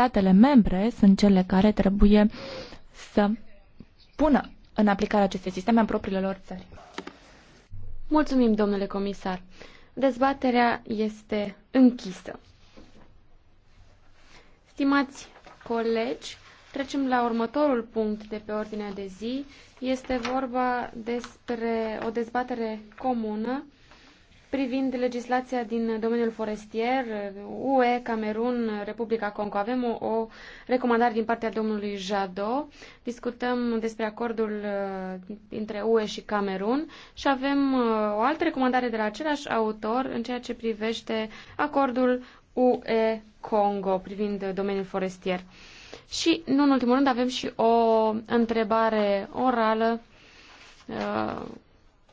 statele membre sunt cele care trebuie să pună în aplicare aceste sisteme în propriile lor țări. Mulțumim, domnule comisar. Dezbaterea este închisă. Stimați colegi, trecem la următorul punct de pe ordinea de zi. Este vorba despre o dezbatere comună privind legislația din domeniul forestier, UE, Camerun, Republica Congo. Avem o, o recomandare din partea domnului Jado. Discutăm despre acordul uh, între UE și Camerun și avem uh, o altă recomandare de la același autor în ceea ce privește acordul UE-Congo privind domeniul forestier. Și, nu în ultimul rând, avem și o întrebare orală uh,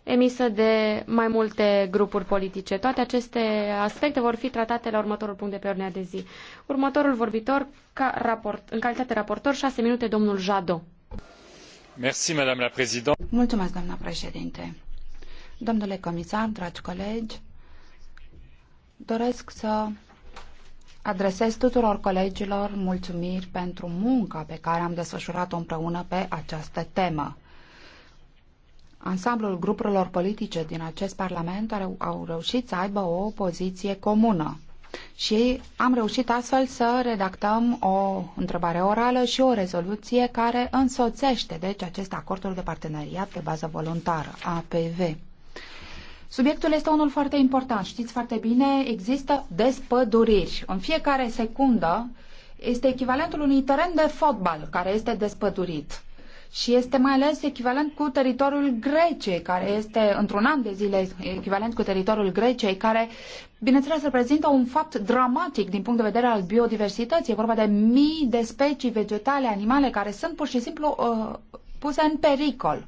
emisă de mai multe grupuri politice. Toate aceste aspecte vor fi tratate la următorul punct de pe ordinea de zi. Următorul vorbitor, ca raport, în calitate raportor, 6 minute, domnul Jado. Merci, madame la président. Mulțumesc, doamna președinte. Domnule comisar, dragi colegi, doresc să adresez tuturor colegilor mulțumiri pentru munca pe care am desfășurat-o împreună pe această temă ansamblul grupurilor politice din acest Parlament au, au reușit să aibă o poziție comună. Și am reușit astfel să redactăm o întrebare orală și o rezoluție care însoțește, deci, acest acordul de parteneriat pe bază voluntară, APV. Subiectul este unul foarte important. Știți foarte bine, există despăduriri. În fiecare secundă este echivalentul unui teren de fotbal care este despădurit și este mai ales echivalent cu teritoriul Greciei, care este într-un an de zile echivalent cu teritoriul Greciei, care, bineînțeles, reprezintă un fapt dramatic din punct de vedere al biodiversității. E vorba de mii de specii vegetale, animale, care sunt pur și simplu uh, puse în pericol.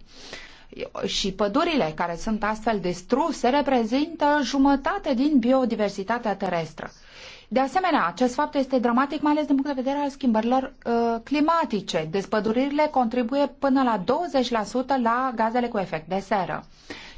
Și pădurile care sunt astfel distruse reprezintă jumătate din biodiversitatea terestră. De asemenea, acest fapt este dramatic, mai ales din punct de vedere al schimbărilor uh, climatice. Despăduririle contribuie până la 20% la gazele cu efect de seră.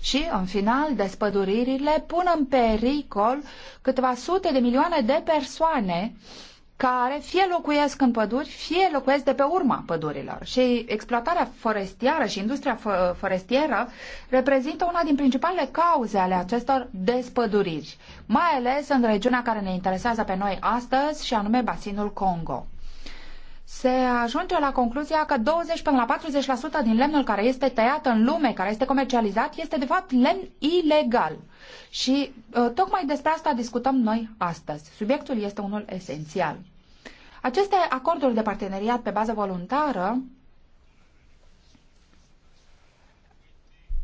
Și, în final, despăduririle pun în pericol câteva sute de milioane de persoane uh, care fie locuiesc în păduri, fie locuiesc de pe urma pădurilor. Și exploatarea forestieră și industria forestieră reprezintă una din principalele cauze ale acestor despăduriri, mai ales în regiunea care ne interesează pe noi astăzi și anume basinul Congo. Se ajunge la concluzia că 20 până la 40% din lemnul care este tăiat în lume, care este comercializat, este de fapt lemn ilegal. Și uh, tocmai despre asta discutăm noi astăzi. Subiectul este unul esențial. Aceste acorduri de parteneriat pe bază voluntară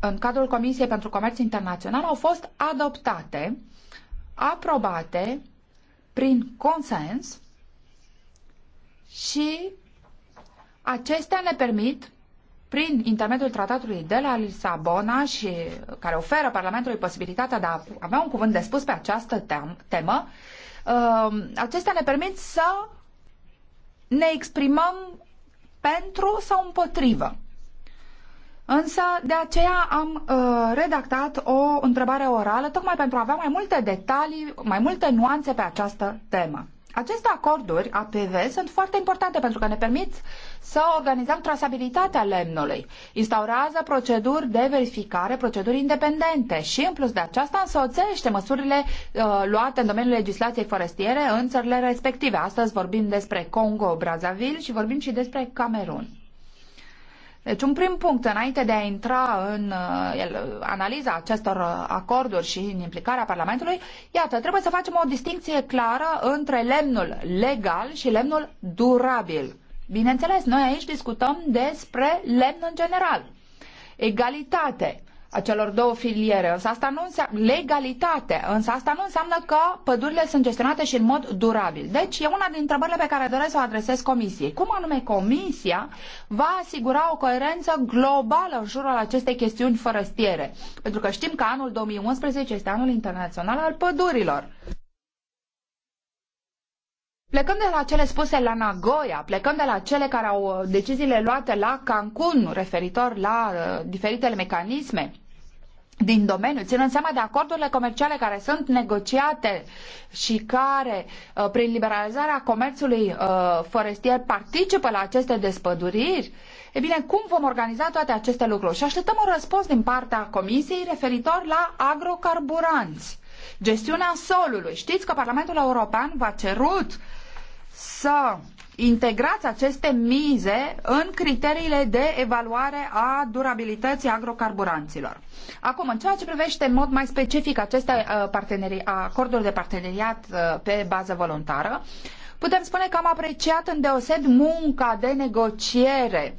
în cadrul Comisiei pentru Comerț Internațional au fost adoptate, aprobate prin consens și acestea ne permit prin intermediul tratatului de la Lisabona și care oferă Parlamentului posibilitatea de a avea un cuvânt de spus pe această temă, uh, acestea ne permit să ne exprimăm pentru sau împotrivă. Însă de aceea am uh, redactat o întrebare orală tocmai pentru a avea mai multe detalii, mai multe nuanțe pe această temă. Aceste acorduri APV sunt foarte importante pentru că ne permit să organizăm trasabilitatea lemnului. Instaurează proceduri de verificare, proceduri independente și, în plus de aceasta, însoțește măsurile uh, luate în domeniul legislației forestiere în țările respective. Astăzi vorbim despre Congo, Brazzaville și vorbim și despre Camerun. Deci un prim punct înainte de a intra în uh, el, analiza acestor uh, acorduri și în implicarea Parlamentului, iată, trebuie să facem o distinție clară între lemnul legal și lemnul durabil. Bineînțeles, noi aici discutăm despre lemn în general. Egalitate, a celor două filiere. Însă asta nu înseamnă legalitate, însă asta nu înseamnă că pădurile sunt gestionate și în mod durabil. Deci e una din întrebările pe care doresc să o adresez Comisiei. Cum anume Comisia va asigura o coerență globală în jurul acestei chestiuni forestiere? Pentru că știm că anul 2011 este anul internațional al pădurilor. Plecăm de la cele spuse la Nagoya, plecăm de la cele care au uh, deciziile luate la Cancun referitor la uh, diferitele mecanisme din domeniu, ținând seama de acordurile comerciale care sunt negociate și care, uh, prin liberalizarea comerțului uh, forestier, participă la aceste despăduriri, e bine, cum vom organiza toate aceste lucruri? Și așteptăm un răspuns din partea Comisiei referitor la agrocarburanți gestiunea solului. Știți că Parlamentul European v-a cerut să integrați aceste mize în criteriile de evaluare a durabilității agrocarburanților. Acum, în ceea ce privește în mod mai specific aceste uh, acorduri de parteneriat uh, pe bază voluntară, putem spune că am apreciat îndeosebi munca de negociere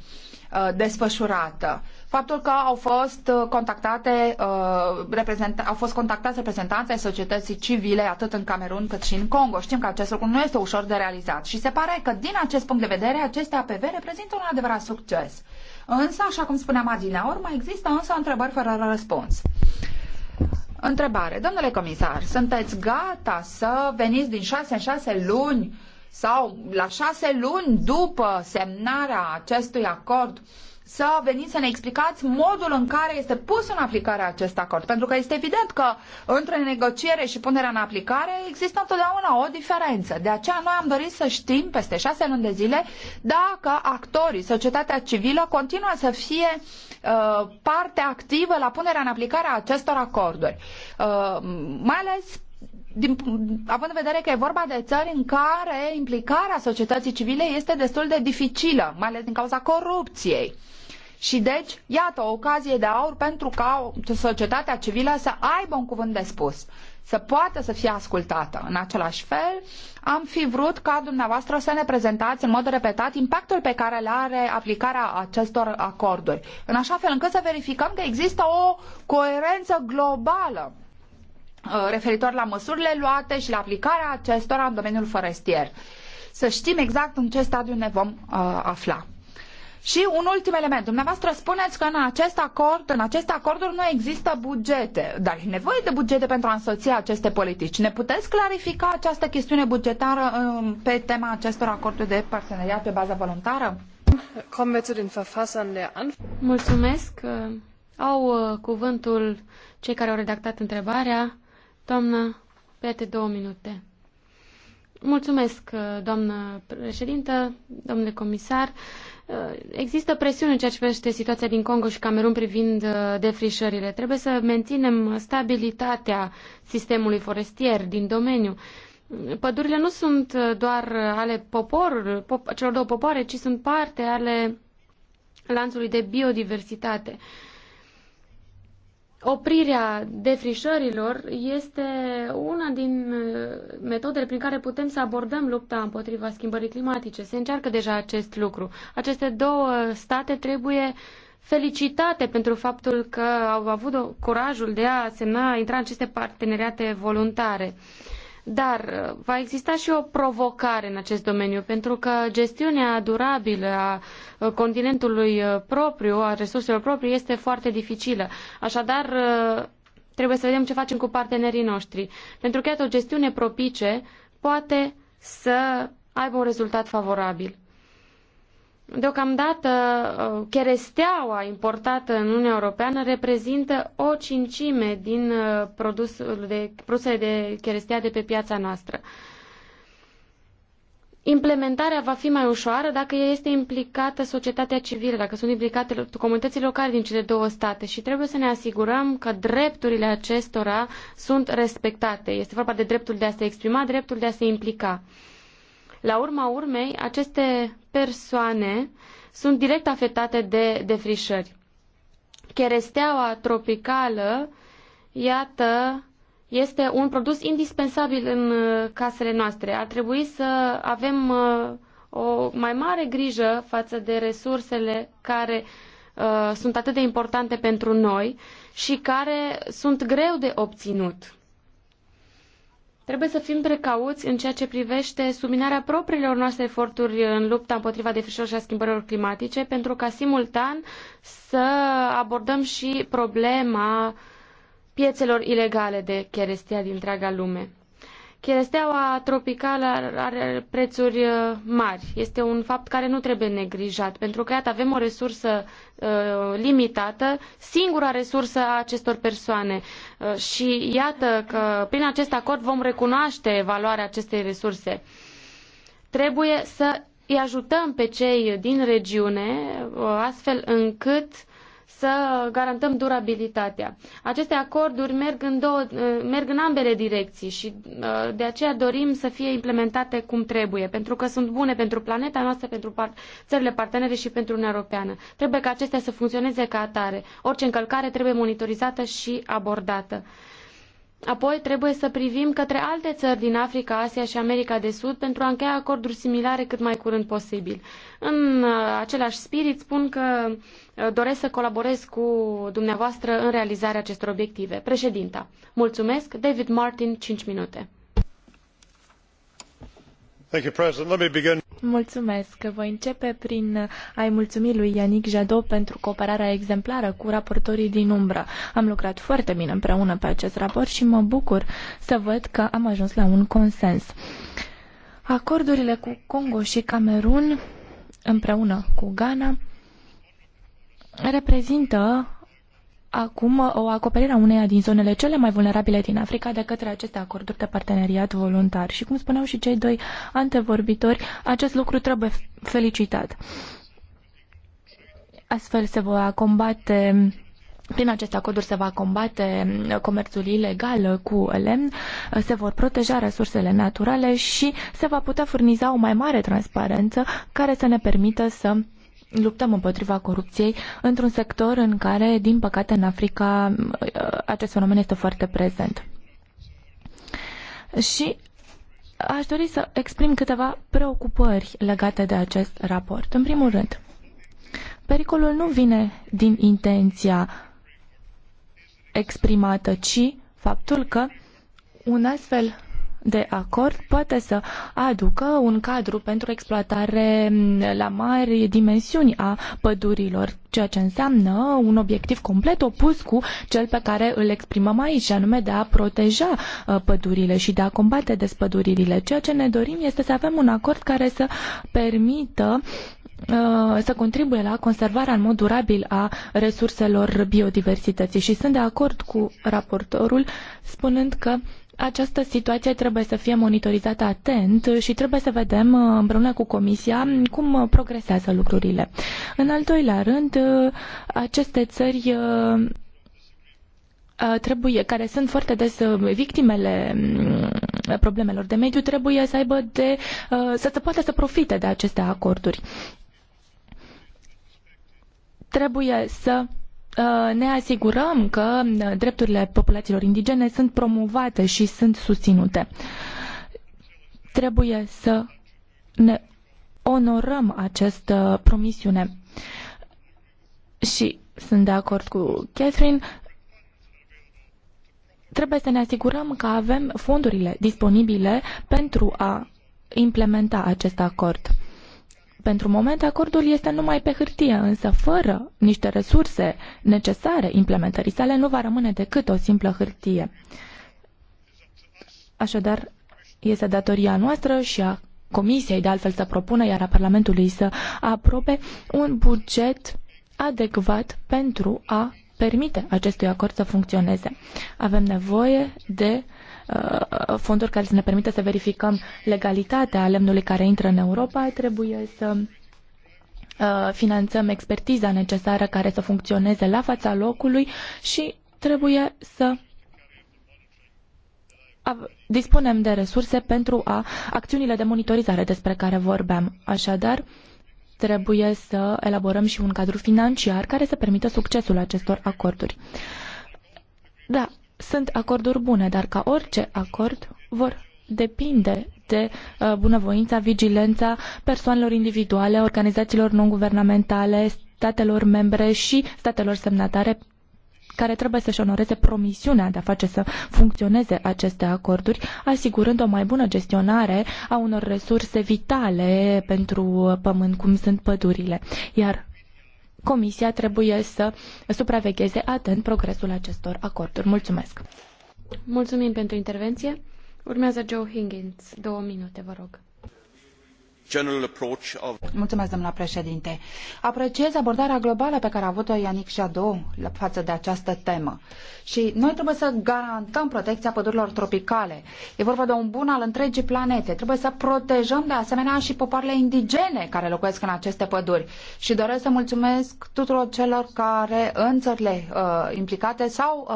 uh, desfășurată faptul că au fost uh, contactate, uh, au fost contactați reprezentanții societății civile atât în Camerun cât și în Congo. Știm că acest lucru nu este ușor de realizat și se pare că din acest punct de vedere aceste APV reprezintă un adevărat succes. Însă, așa cum spuneam adineaori, mai există însă întrebări fără răspuns. Întrebare. Domnule comisar, sunteți gata să veniți din 6 în șase luni sau la 6 luni după semnarea acestui acord uh, să veniți să ne explicați modul în care este pus în aplicare acest acord. Pentru că este evident că între negociere și punerea în aplicare există întotdeauna o diferență. De aceea noi am dorit să știm peste șase luni de zile dacă actorii, societatea civilă continuă să fie uh, parte activă la punerea în aplicare a acestor acorduri. Uh, mai ales din, având în vedere că e vorba de țări în care implicarea societății civile este destul de dificilă, mai ales din cauza corupției. Uh, și deci, iată, o ocazie de aur pentru ca societatea civilă să aibă un cuvânt de spus, să poată să fie ascultată. În același fel, am fi vrut ca dumneavoastră să ne prezentați în mod repetat impactul pe care îl are aplicarea acestor acorduri, în așa fel încât să verificăm că există o coerență globală uh, referitor la măsurile luate și la aplicarea acestora în domeniul forestier. Să știm exact în ce stadiu ne vom uh, afla. Și un ultim element. Dumneavoastră spuneți că în acest acord, în aceste acorduri nu există bugete, dar e nevoie de bugete pentru a însoți aceste politici. Ne puteți clarifica această chestiune bugetară um, pe tema acestor acorduri de parteneriat pe bază voluntară? Mulțumesc. Uh, au uh, cuvântul cei care au redactat întrebarea. Doamna, pete două minute. Mulțumesc, uh, doamnă președintă, domnule comisar. Uh, există presiuni în ceea ce privește situația din Congo și Camerun privind uh, defrișările. Trebuie să menținem stabilitatea sistemului forestier din domeniu. Pădurile nu sunt doar ale popor, celor două popoare, ci sunt parte ale lanțului de biodiversitate. Uh, oprirea defrișărilor este una din uh, metodele prin care putem să abordăm lupta împotriva schimbării climatice. Se încearcă deja acest lucru. Aceste două state trebuie felicitate pentru faptul că au avut curajul de a semna, intra în aceste parteneriate voluntare. Uh, dar uh, va exista și o provocare în acest domeniu, pentru că gestiunea durabilă a uh, continentului uh, propriu, a resurselor proprii, este foarte dificilă. Așadar, trebuie să vedem ce facem cu partenerii noștri. Pentru că, iată, o gestiune propice poate să aibă un rezultat favorabil. Deocamdată, uh, cheresteaua importată în Uniunea Europeană reprezintă o cincime din uh, produsul de, produsele de cherestea de pe piața noastră. Implementarea va fi mai ușoară dacă este implicată societatea civilă, dacă sunt implicate comunitățile locale din cele două state și trebuie să ne asigurăm că drepturile acestora sunt respectate. Este vorba de dreptul de a se exprima, dreptul de a se implica. Uh, la urma urmei, aceste persoane sunt direct afectate de defrișări. Cheresteaua tropicală, iată, este un produs indispensabil în uh, casele noastre. Ar trebui să avem uh, o mai mare grijă față de resursele care uh, sunt atât de importante pentru noi și care sunt greu de obținut. Trebuie să fim precauți în ceea ce privește subminarea propriilor noastre eforturi în lupta împotriva defrișărilor și a schimbărilor climatice, pentru ca simultan să abordăm și problema piețelor ilegale de cherestia din întreaga lume. Cheresteaua tropicală are prețuri uh, mari. Este un fapt care nu trebuie neglijat, pentru că iată, avem o resursă uh, limitată, singura resursă a acestor persoane. Uh, și iată că prin acest acord vom recunoaște valoarea acestei resurse. Trebuie să îi ajutăm pe cei din regiune, uh, astfel încât să garantăm durabilitatea. Aceste acorduri merg în, două, merg în ambele direcții și uh, de aceea dorim să fie implementate cum trebuie, pentru că sunt bune pentru planeta noastră, pentru par- țările partenere și pentru Uniunea Europeană. Trebuie ca acestea să funcționeze ca atare. Orice încălcare trebuie monitorizată și abordată. Apoi trebuie să privim către alte țări din Africa, Asia și America de Sud pentru a încheia acorduri similare cât mai curând posibil. În uh, același spirit spun că uh, doresc să colaborez cu dumneavoastră în realizarea acestor obiective. Președinta, mulțumesc. David Martin, 5 minute. Mulțumesc. Voi începe prin a-i mulțumi lui Yannick Jadot pentru cooperarea exemplară cu raportorii din umbră. Am lucrat foarte bine împreună pe acest raport și mă bucur să văd că am ajuns la un consens. Acordurile cu Congo și Camerun împreună cu Ghana reprezintă acum o acoperire a uneia din zonele cele mai vulnerabile din Africa de către aceste acorduri de parteneriat voluntar. Și cum spuneau și cei doi antevorbitori, acest lucru trebuie felicitat. Astfel se va combate prin aceste acorduri se va combate comerțul ilegal cu lemn, se vor proteja resursele naturale și se va putea furniza o mai mare transparență care să ne permită să luptăm împotriva corupției într-un sector în care, din păcate, în Africa acest fenomen este foarte prezent. Și aș dori să exprim câteva preocupări legate de acest raport. În primul rând, pericolul nu vine din intenția exprimată, ci faptul că un astfel de acord poate să aducă un cadru pentru exploatare la mari dimensiuni a pădurilor, ceea ce înseamnă un obiectiv complet opus cu cel pe care îl exprimăm aici, anume de a proteja uh, pădurile și de a combate despăduririle. Ceea ce ne dorim este să avem un acord care să permită uh, să contribuie la conservarea în mod durabil a resurselor biodiversității și sunt de acord cu raportorul spunând că această situație trebuie să fie monitorizată atent și trebuie să vedem uh, împreună cu Comisia cum uh, progresează lucrurile. În al doilea rând, uh, aceste țări trebuie, care sunt foarte des victimele mm, problemelor de mediu, trebuie să aibă de, să se poată să profite de aceste acorduri. Trebuie să Uh, ne asigurăm că uh, drepturile populațiilor indigene sunt promovate și sunt susținute. Trebuie să ne onorăm această promisiune. Și sunt de acord cu Catherine, trebuie să ne asigurăm că avem fondurile disponibile pentru a implementa acest acord. Pentru moment, acordul este numai pe hârtie, însă fără niște resurse necesare implementării sale, nu va rămâne decât o simplă hârtie. Așadar, este datoria noastră și a Comisiei, de altfel, să propună, iar a Parlamentului să aprobe un buget adecvat pentru a permite acestui acord să funcționeze. Avem nevoie de Uh, fonduri care să ne permită să verificăm legalitatea lemnului care intră în Europa, trebuie să uh, finanțăm expertiza necesară care să funcționeze la fața locului și trebuie să dispunem de resurse pentru a acțiunile de monitorizare despre care vorbeam. Așadar, trebuie să elaborăm și un cadru financiar care să permită succesul acestor acorduri. Da, sunt acorduri bune, dar ca orice acord vor depinde de uh, bunăvoința, vigilența persoanelor individuale, organizațiilor non-guvernamentale, statelor membre și statelor semnatare care trebuie să-și onoreze promisiunea de a face să funcționeze aceste acorduri, asigurând o mai bună gestionare a unor resurse vitale pentru pământ, cum sunt pădurile. Iar Comisia trebuie să supravegheze atent progresul acestor acorduri. Mulțumesc! Mulțumim pentru intervenție. Urmează Joe Higgins. Două minute, vă rog. Mulțumesc, domnule președinte. Apreciez abordarea globală pe care a avut-o Yannick Jadot față de această temă. Și noi trebuie să garantăm protecția pădurilor tropicale. E vorba de un bun al întregii planete. Trebuie să protejăm de asemenea și popoarele indigene care locuiesc în aceste păduri. Și doresc să mulțumesc tuturor celor care în țările uh, implicate sau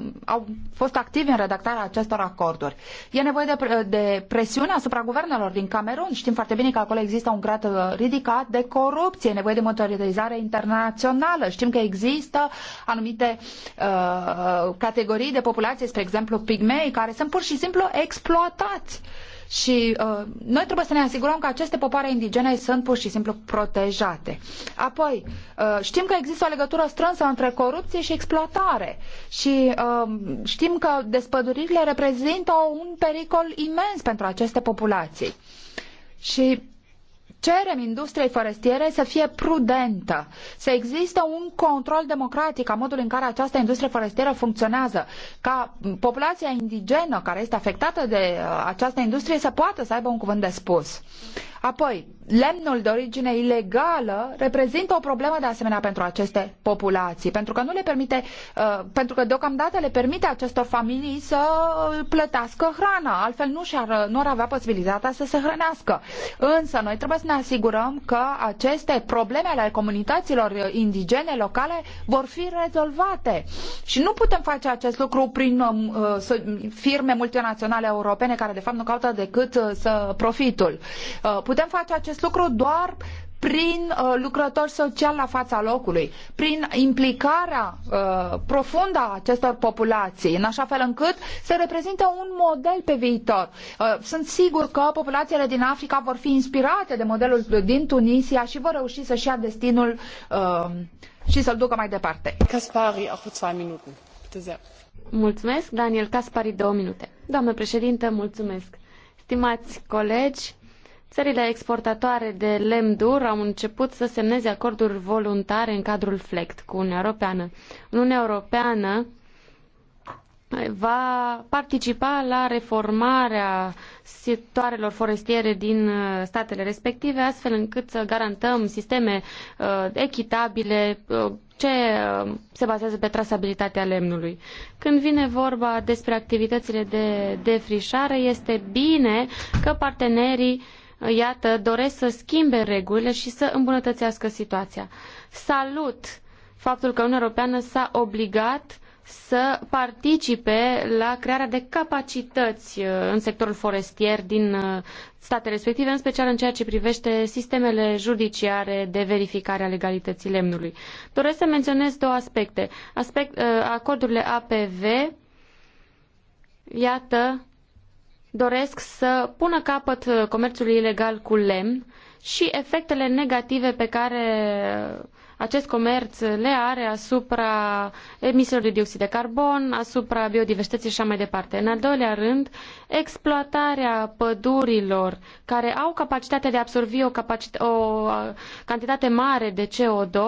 uh, au fost activi în redactarea acestor acorduri. E nevoie de, de presiune asupra guvernelor din Camerun. Știm foarte bine că acolo există un grad uh, ridicat de corupție, nevoie de monitorizare internațională. Știm că există anumite uh, categorii de populație, spre exemplu pigmei, care sunt pur și simplu exploatați. Și uh, noi trebuie să ne asigurăm că aceste popoare indigene sunt pur și simplu protejate. Apoi, uh, știm că există o legătură strânsă între corupție și exploatare. Și uh, știm că despăduririle reprezintă un pericol imens pentru aceste populații. Și cerem industriei forestiere să fie prudentă, să existe un control democratic a modului în care această industrie forestieră funcționează, ca populația indigenă care este afectată de uh, această industrie să poată să aibă un cuvânt de spus. Apoi, lemnul de origine ilegală reprezintă o problemă de asemenea pentru aceste populații, pentru că nu le permite, uh, pentru că deocamdată le permite acestor familii să plătească hrana, altfel nu, și-ar, nu ar avea posibilitatea să se hrănească. Însă noi trebuie să ne asigurăm că aceste probleme ale comunităților indigene locale vor fi rezolvate. Și nu putem face acest lucru prin um, uh, firme multinaționale europene care de fapt nu caută decât uh, să profitul. Putem face acest acest lucru doar prin uh, lucrător social la fața locului, prin implicarea uh, profundă a acestor populații, în așa fel încât să reprezinte un model pe viitor. Uh, sunt sigur că populațiile din Africa vor fi inspirate de modelul din Tunisia și vor reuși să-și ia destinul uh, și să-l ducă mai departe. Caspari, auch minute. Mulțumesc, Daniel Caspari, două minute. Doamnă președintă, mulțumesc. Stimați colegi, Țările exportatoare de lemn dur au început să semneze acorduri voluntare în cadrul FLECT cu Uniunea Europeană. Uniunea Europeană va participa la reformarea sectoarelor forestiere din uh, statele respective, astfel încât să garantăm sisteme uh, echitabile uh, ce se bazează pe trasabilitatea lemnului. Când vine vorba despre activitățile de defrișare, este bine că partenerii uh, iată, doresc să schimbe regulile și să îmbunătățească situația. Salut faptul că Uniunea Europeană s-a obligat să participe la crearea de capacități uh, în sectorul forestier din uh, statele respective, în special în ceea ce privește sistemele judiciare de verificare a legalității lemnului. Doresc să menționez două aspecte. Aspect, uh, acordurile APV, iată, doresc să pună capăt comerțului ilegal cu lemn și efectele negative pe care acest comerț le are asupra emisiilor de dioxid de carbon, asupra biodiversității și așa mai departe. În al doilea rând, exploatarea pădurilor care au capacitatea de a absorbi o, o cantitate mare de CO2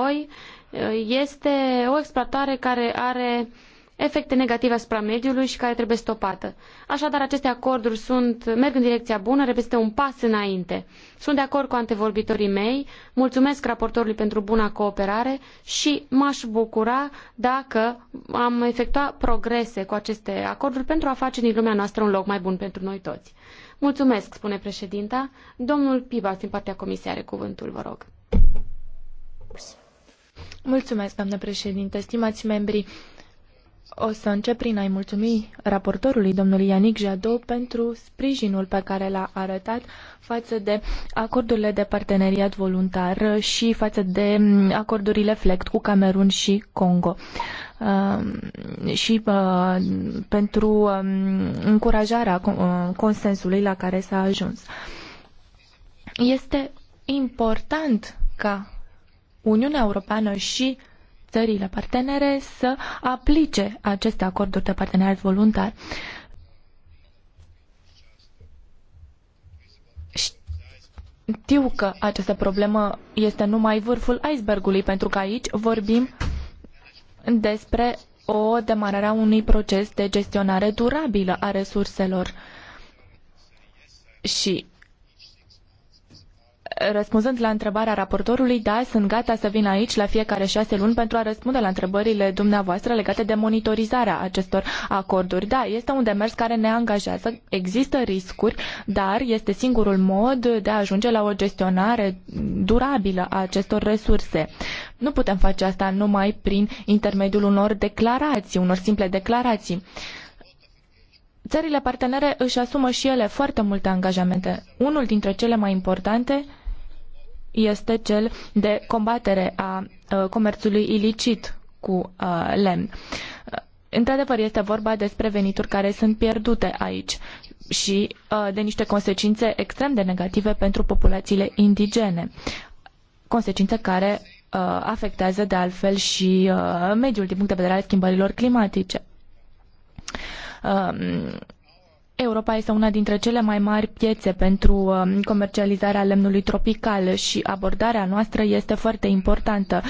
este o exploatare care are uh, efecte negative asupra mediului și care trebuie stopată. Așadar, aceste acorduri sunt, merg în direcția bună, reprezintă un pas înainte. Sunt de acord cu antevorbitorii mei, mulțumesc raportorului pentru buna cooperare și m-aș bucura dacă am efectua progrese cu aceste acorduri pentru a face din lumea noastră un loc mai bun pentru noi toți. Mulțumesc, spune președinta. Domnul Pibax, din partea comisiei, are cuvântul, vă rog. Mulțumesc, doamnă președinte, stimați membri. O să încep prin a-i mulțumi raportorului, domnul Ianic Jadot, pentru sprijinul pe care l-a arătat față de acordurile de parteneriat voluntar și față de acordurile FLECT cu Camerun și Congo. Um, și uh, pentru um, încurajarea uh, consensului la care s-a ajuns. Este important ca Uniunea Europeană și țările partenere să aplice aceste acorduri de parteneriat voluntar. Știu că această problemă este numai vârful icebergului, pentru că aici vorbim despre o demarare a unui proces de gestionare durabilă a resurselor. Și răspunzând la întrebarea raportorului, da, sunt gata să vin aici la fiecare șase luni pentru a răspunde la întrebările dumneavoastră legate de monitorizarea acestor acorduri. Da, este un demers care ne angajează, există riscuri, dar este singurul mod de a ajunge la o gestionare durabilă a acestor resurse. Nu putem face asta numai prin intermediul unor declarații, unor simple declarații țările partenere își asumă și ele foarte multe angajamente. Unul dintre cele mai importante este cel de combatere a uh, comerțului ilicit cu uh, lemn. Uh, într-adevăr, este vorba despre venituri care sunt pierdute aici și de niște consecințe extrem de negative pentru populațiile indigene. Consecințe care afectează de altfel și mediul din punct de vedere al schimbărilor climatice um, Europa este una dintre cele mai mari piețe pentru uh, comercializarea lemnului tropical și abordarea noastră este foarte importantă.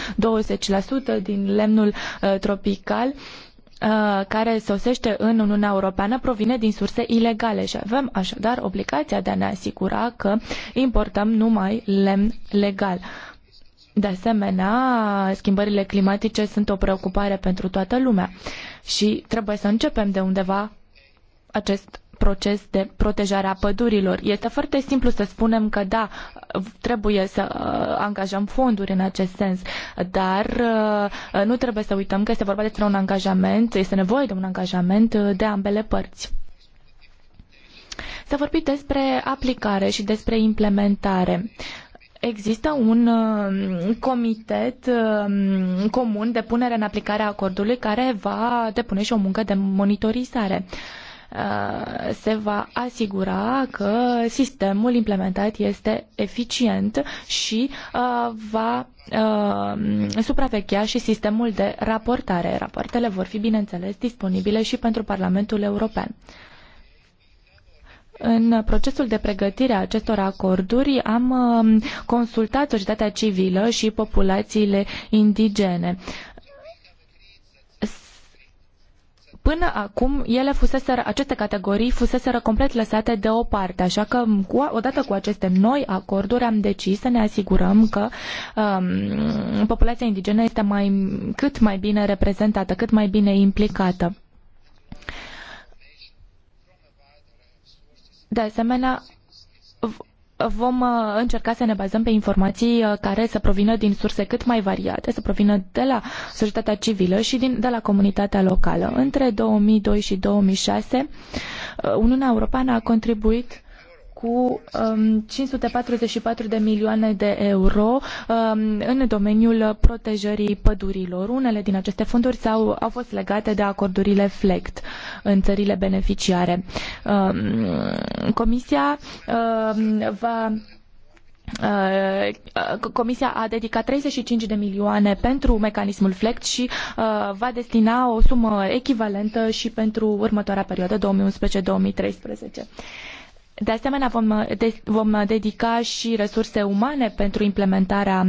20% din lemnul uh, tropical uh, care sosește în Uniunea Europeană provine din surse ilegale și avem așadar obligația de a ne asigura că importăm numai lemn legal. De asemenea, schimbările climatice sunt o preocupare pentru toată lumea și trebuie să începem de undeva acest proces de protejare a pădurilor. Este foarte simplu să spunem că da, trebuie să uh, angajăm fonduri în acest sens, dar uh, nu trebuie să uităm că este vorba despre un angajament, este nevoie de un angajament uh, de ambele părți. S-a vorbit despre aplicare și despre implementare există un comitet comun de punere în aplicare a acordului care va depune și o muncă de monitorizare. Uh, se va asigura că sistemul implementat este eficient și uh, va uh, supraveghea și sistemul de raportare. Rapoartele vor fi, bineînțeles, disponibile și pentru Parlamentul European. În procesul de pregătire a acestor acorduri am consultat societatea civilă și populațiile indigene. Până acum, ele fusese aceste categorii fuseseră complet lăsate deoparte, așa că cu, odată cu aceste noi acorduri am decis să ne asigurăm că um, populația indigenă este mai, cât mai bine reprezentată, cât mai bine implicată. De asemenea, vom uh, încerca să ne bazăm pe informații uh, care să provină din surse cât mai variate, să provină de la societatea civilă și din, de la comunitatea locală. Între 2002 și 2006, uh, Uniunea Europeană a contribuit cu 544 um, de milioane de euro um, în domeniul protejării pădurilor. Unele din aceste fonduri -au, au fost legate de acordurile FLECT în țările beneficiare. Um, comisia va uh, Comisia a dedicat 35 de milioane pentru mecanismul FLECT și uh, va destina o sumă echivalentă și pentru următoarea perioadă 2011-2013. De asemenea, vom, de, vom dedica și resurse umane pentru implementarea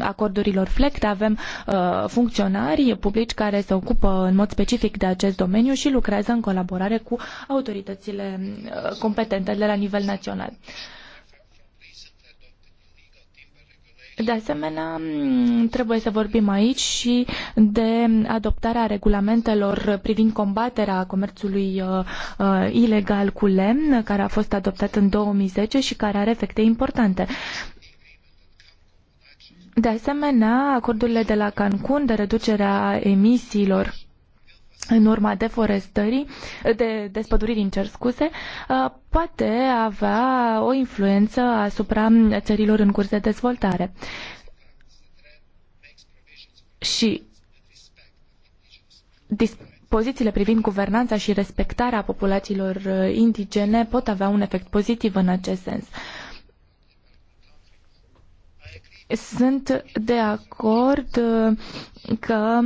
acordurilor FLECT. Avem uh, funcționari publici care se ocupă în mod specific de acest domeniu și lucrează în colaborare cu autoritățile uh, competente de la nivel național. Uh, De asemenea, mm, trebuie să vorbim aici și de adoptarea regulamentelor privind combaterea comerțului uh, uh ilegal cu lemn, care a fost adoptat în 2010 și care are efecte importante. De asemenea, acordurile de la Cancun de reducerea emisiilor în urma deforestării, de despăduririi, îmi cer scuse, poate avea o influență asupra țărilor în curs de dezvoltare. Și dispozițiile privind guvernanța și respectarea populațiilor indigene pot avea un efect pozitiv în acest sens. Sunt de acord că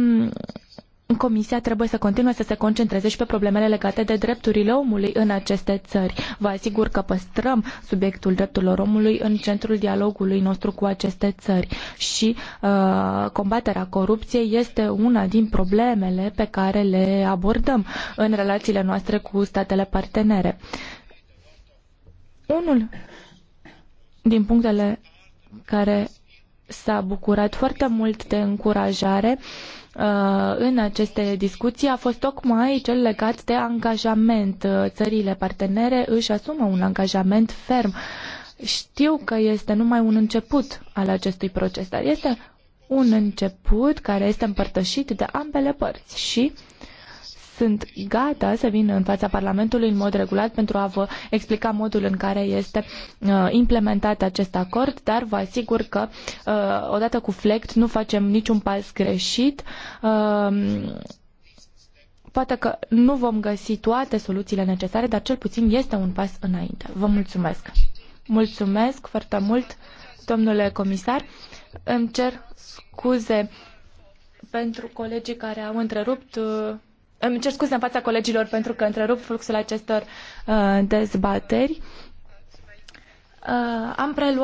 Comisia trebuie să continue să se concentreze și pe problemele legate de drepturile omului în aceste țări. Vă asigur că păstrăm subiectul drepturilor omului în centrul dialogului nostru cu aceste țări și uh, combaterea corupției este una din problemele pe care le abordăm în relațiile noastre cu statele partenere. Unul din punctele care s-a bucurat foarte mult de încurajare uh, Uh, în aceste discuții a fost tocmai cel legat de angajament. Uh, țările partenere își asumă un angajament ferm. Știu că este numai un început al acestui proces, dar este un început care este împărtășit de ambele părți și sunt gata să vin în fața Parlamentului în mod regulat pentru a vă explica modul în care este uh, implementat acest acord, dar vă asigur că uh, odată cu FLECT nu facem niciun pas greșit. Uh, poate că nu vom găsi toate soluțiile necesare, dar cel puțin este un pas înainte. Vă mulțumesc! Mulțumesc foarte mult, domnule comisar. Îmi cer scuze pentru colegii care au întrerupt îmi cer scuze în fața colegilor pentru că întrerup fluxul acestor uh, dezbateri. Uh, am preluat